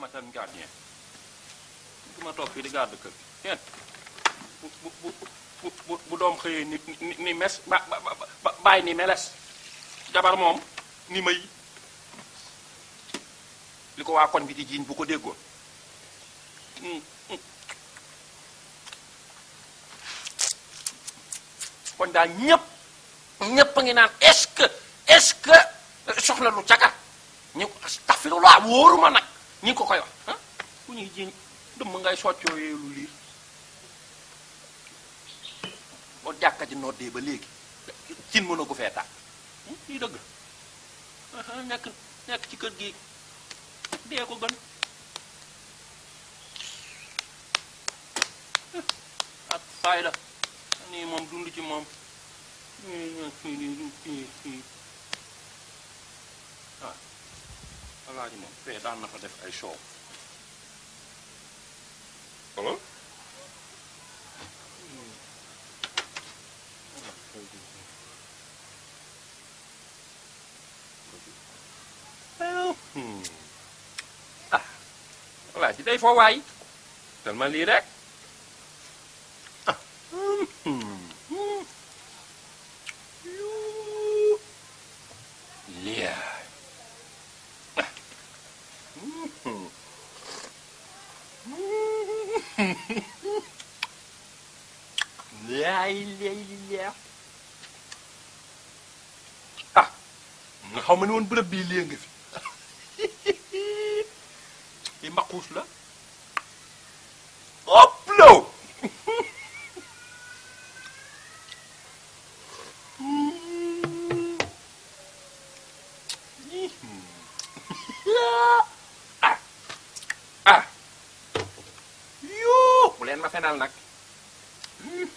madame gardien du ma toog fii di bu bu bu bu doom xëyee ni mes ba ba bàyyi ni meles jabar moom ni may li ko waa koñ bi di bu ko déggoon hmm, hmm. kon daal ñépp ñépp ngi naan est-ce que est-ce que soxla lu caga wóoruma nag ñi ko koy wax ah, ku ñuy jiñ dëmm ngay soccoo lu liir boo jàkka ji noddee ba léegi cin mën a ko fee tàkk hmm, dëgg nekk nekk ci kër gi dee ko gën ak ah, fayda nii moom dund ci moom waaw alaaji moom fee daan na fa def ay soow voilà hmm. ah alaaji day ah nga xaw ma ne woon bërëb bii léegi nga fi li mbaquus la fenal nag hmm.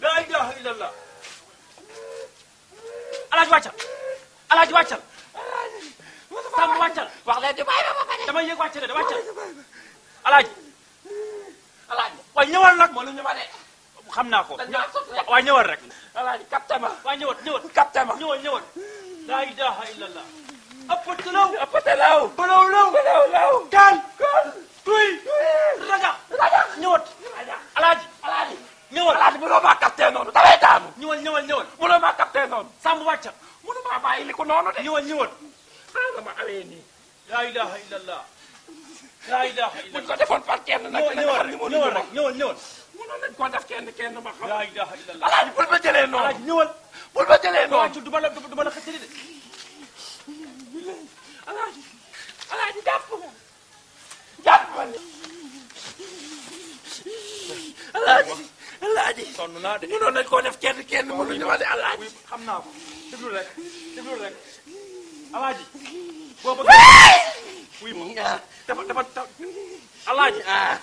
laa ilaaha illallah alaaji wàccal alaaji wàccal sàmm wàccal wax leen di bàyyi ba pare dama yëg wàccal de wàccal alaaji xam naa ko waaye ñëwal rek alaaji capté ma waaye ñëwal ñëwal capté ma ñëwal ñëwal laa ilaaha illallah apatalaw law balaw law kaan tuy rajax rajax ñëwat alaaji alaaji ñëwal alaaji mënoo maa capté noonu damay daanu ñëwal ñëwal ñëwal mënoo maa capté noonu sàmm wàcca mënu maa bàyyi li ko noonu de ñëwal ñëwal xaaral ma awee nii laa ilaha illa allah laa ilaha illa buñ ko defoon par kenn nag dina xam ni moo ñëwal rek ñëwal ñëwal mënoon nañ ko def kenn kenn ma xam laa ilaha illa allah alaaji bul ma jëlee noonu alaaji ñëwal bul ma jëlee noonu wàccu du ma la du ma la xëccali de alaaji alaaji alaaji sonn naa de mënoon nañ koo def kenn kenn mënuñu ma de alaaji xam naa ko déglu rek déglu rek alaaji boo bëgg wuy ma dafa dafa alaaji ah.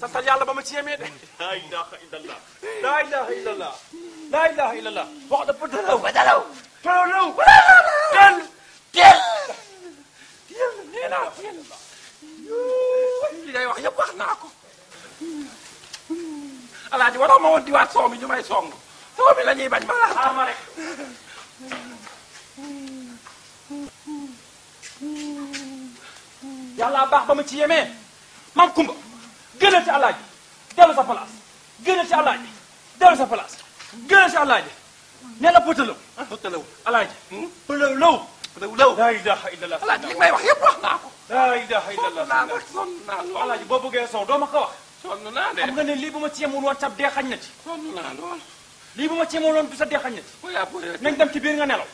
santal yàlla ba ma ci yemee de laa ilaha illallah laa ilaha illallah laa ilaha illallah wax dafa dalaw ba dalaw dalaw teel teel teel nee naa teel li ngay wax yëpp wax naa ko alaaji waroo ma woon diwaat soow ñu may song soow la ñuy bañ ma la xaar ma rek yàlla baax ba ma ci yemee maam kumba gënal ci alaaji dellu sa place gënal ci alaaji dellu sa place gënal ci alaaji nee na potalaw potalaw alaaji hmm? potalaw law potalaw law laa ilaha illa allah alaaji li may wax yëpp wax naa ko laa ilaha illa allah sonn naa ko alaaji boo bëggee soow doo ma ko wax sonn naa de xam nga ne lii bu ma ci yemul woon sa dee xañ na ci. sonn naa lool. lii bu ma nañ dem ci biir nga nelaw.